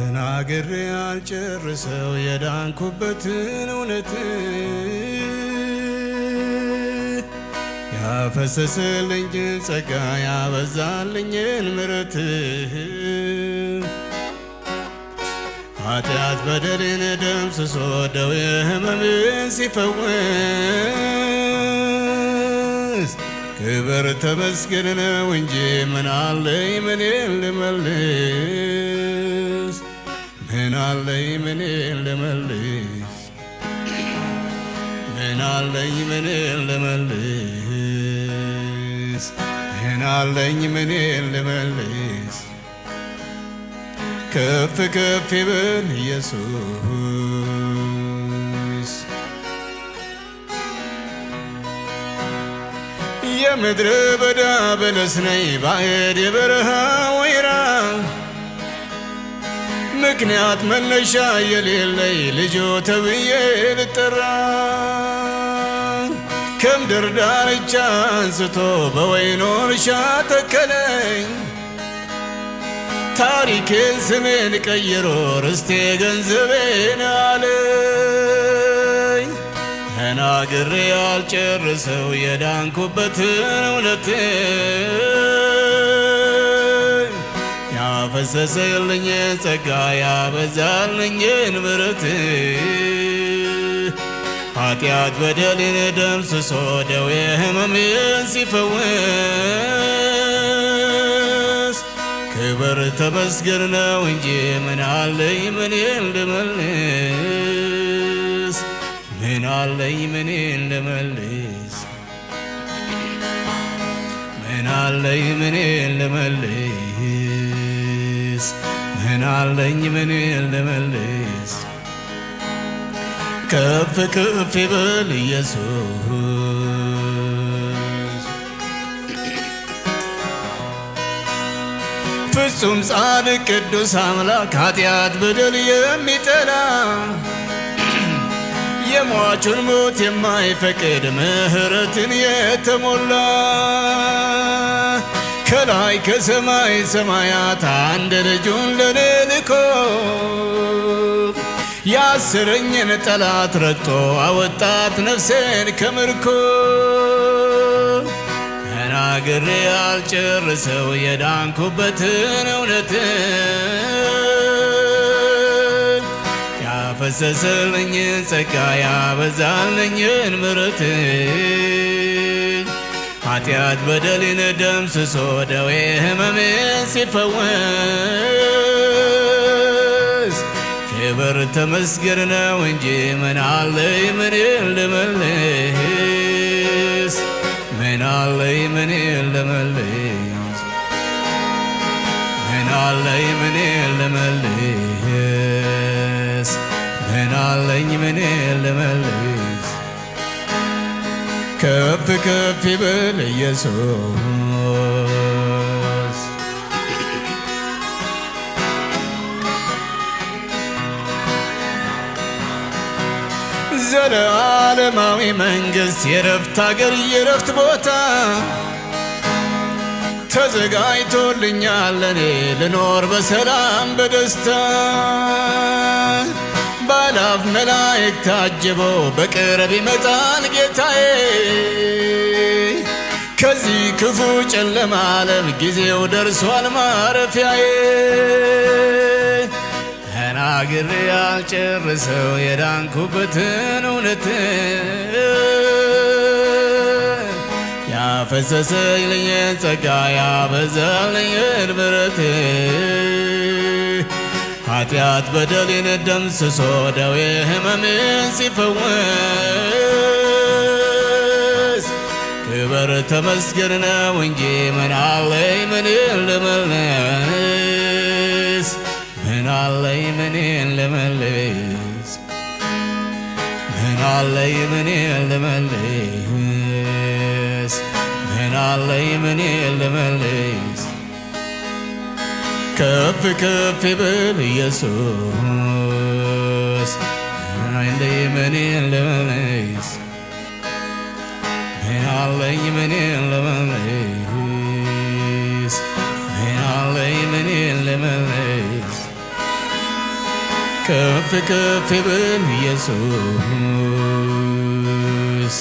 ተናግሬ አልጨርሰው የዳንኩበትን እውነት ያፈሰሰልኝን ጸጋ ያበዛልኝን ምረት ኃጢአት በደሌን ደምስሶ ደዌ ሕመምን ሲፈወስ ክብር ተመስገን ነው እንጂ ምናለኝ ምኔን ልመልስ ምናለኝ ምን ልመልስ ምናለኝ ምን ልመልስ ምናለኝ ምን ልመልስ ከፍ ከፍ ይበል ኢየሱስ የምድረ በዳ በለስ ነኝ ባዕድ የበረሃ ወይራ ምክንያት መነሻ የሌለይ ልጆ ተብዬ ልጠራ ከምድር ዳርቻ አንስቶ በወይኖ እርሻ ተከለኝ ታሪኬን ስሜን ቀይሮ ርስቴ ገንዘቤን አለኝ ተናግሬ አልጨርሰው የዳንኩበትን እውነቴ አፈሰሰልኝ ጸጋ ያበዛልኝን ምሕረት ኃጢአት በደሌን ደምስሶ ደዌ ሕመሜን ሲፈውስ ክብር ተመስገን ነው እንጂ ምን አለኝ ምኔን ልመልስ ምን አለኝ ምኔን ልመልስ ምን አለኝ ምኔን ልመልስ ልመልስ? ምን አለኝ ምን ልመልስ? ከፍ ከፍ ይበል ኢየሱስ ፍጹም ጻድቅ ቅዱስ አምላክ ኃጢአት በደል የሚጠላ የሟቹን ሞት የማይፈቅድ ምሕረትን የተሞላ ከላይ ከሰማይ ሰማያት አንድ ልጁን ለኔ ልኮ ያስረኝን ጠላት ረጦ አወጣት ነፍሴን ከምርኮ ተናግሬ አልጨርሰው የዳንኩበትን እውነት ያፈሰሰልኝን ጸጋ ያበዛልኝን ምረትን ኃጢአት በደሌን ደምስሶ ደዌ ህመሜን ሲፈወስ ክብር ተመስገን ነው እንጂ ምናለይ ምን ልመልስ ምናለይ ምን ልመልስ ምናለይ ምን ልመልስ ምናለኝ ምን ልመልስ ከፍ ከፍ ይበል ኢየሱስ ዘለዓለማዊ መንግሥት የረፍት አገር የረፍት ቦታ ተዘጋጅቶልኛለኔ ልኖር በሰላም በደስታ በአእላፍ መላእክት ታጅቦ በቅርብ ይመጣል ጌታዬ። ከዚህ ክፉ ጨለማ ዓለም ጊዜው ደርሷል ማረፊያዬ። ተናግሬ ያልጨርሰው የዳንኩበትን እውነት ያፈሰሰልኝን ጸጋ ያበዛልኝን ምሕረት ኃጢአት በደሌን ደምስሶ ደዌ ህመሜን ሲፈወስ ክብር ተመስገን ነው እንጂ ምን አለኝ ምን ልመልስ ምን አለኝ ምን ልመልስ ምን አለኝ ልመልስ ምን አለኝ ልመልስ ከፍ ከፍ ይበል ኢየሱስ እንደ ምን ለመለስ ምናለኝ ምን ለመለስ ምናለኝ ምን ለመለስ ከፍ ከፍ ይበል ኢየሱስ